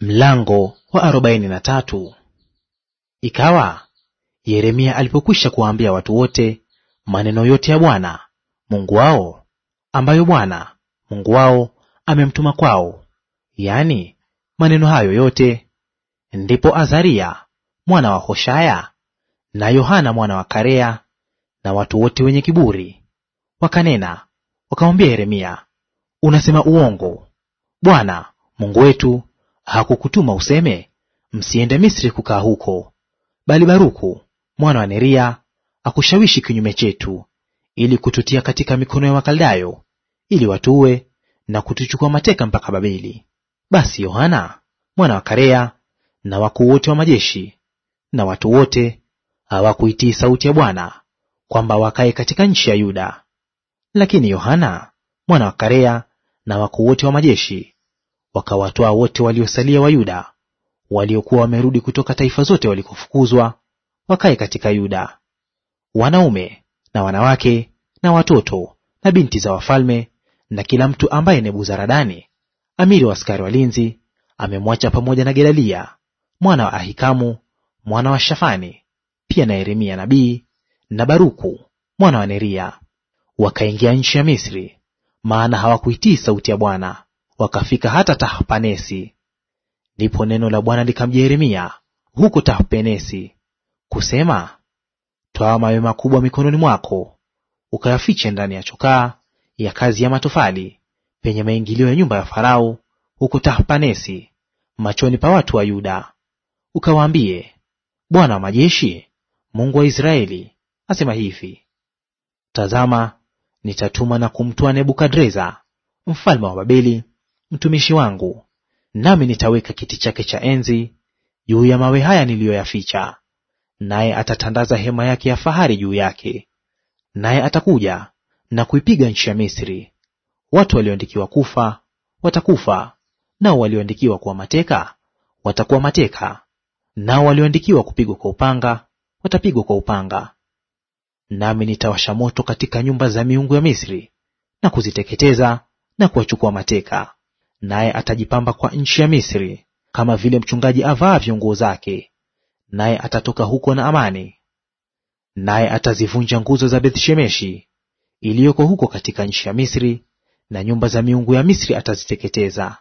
Mlango wa arobaini na tatu. Ikawa Yeremia alipokwisha kuwaambia watu wote maneno yote ya Bwana Mungu wao ambayo Bwana Mungu wao amemtuma kwao, yaani maneno hayo yote, ndipo Azaria mwana wa Hoshaya na Yohana mwana wa Karea na watu wote wenye kiburi wakanena wakamwambia Yeremia, unasema uongo. Bwana Mungu wetu hakukutuma useme, msiende Misri kukaa huko, bali Baruku mwana wa Neria akushawishi kinyume chetu, ili kututia katika mikono ya Wakaldayo, ili watuue na kutuchukua mateka mpaka Babeli. Basi Yohana mwana wa Karea na wakuu wote wa majeshi na watu wote hawakuitii sauti ya Bwana kwamba wakae katika nchi ya Yuda. Lakini Yohana mwana wa Karea na wakuu wote wa majeshi wakawatwaa wote waliosalia wa Yuda waliokuwa wamerudi kutoka taifa zote walikofukuzwa, wakae katika Yuda, wanaume na wanawake na watoto na binti za wafalme na kila mtu ambaye Nebuzaradani amiri wa askari walinzi amemwacha pamoja na Gedalia mwana wa Ahikamu mwana wa Shafani, pia na Yeremia nabii na Baruku mwana wa Neria, wakaingia nchi ya Misri, maana hawakuitii sauti ya Bwana wakafika hata Tahpanesi. Ndipo neno la Bwana likamjia Yeremia huko tahpanesi kusema, twaa mawe makubwa mikononi mwako, ukayafiche ndani ya chokaa ya kazi ya matofali penye maingilio ya nyumba ya Farao huko Tahpanesi, machoni pa watu wa Yuda. Ukawaambie, Bwana wa majeshi, Mungu wa Israeli, asema hivi, tazama, nitatuma na kumtoa Nebukadreza mfalme wa Babeli mtumishi wangu, nami nitaweka kiti chake cha enzi juu ya mawe haya niliyoyaficha, naye atatandaza hema yake ya fahari juu yake. Naye atakuja na kuipiga nchi ya Misri. Watu walioandikiwa kufa watakufa, nao walioandikiwa kuwa mateka watakuwa mateka, nao walioandikiwa kupigwa kwa upanga watapigwa kwa upanga. Nami nitawasha moto katika nyumba za miungu ya Misri na kuziteketeza na kuwachukua mateka naye atajipamba kwa nchi ya Misri, kama vile mchungaji avaavyo nguo zake, naye atatoka huko na amani. Naye atazivunja nguzo za Bethshemeshi iliyoko huko katika nchi ya Misri, na nyumba za miungu ya Misri ataziteketeza.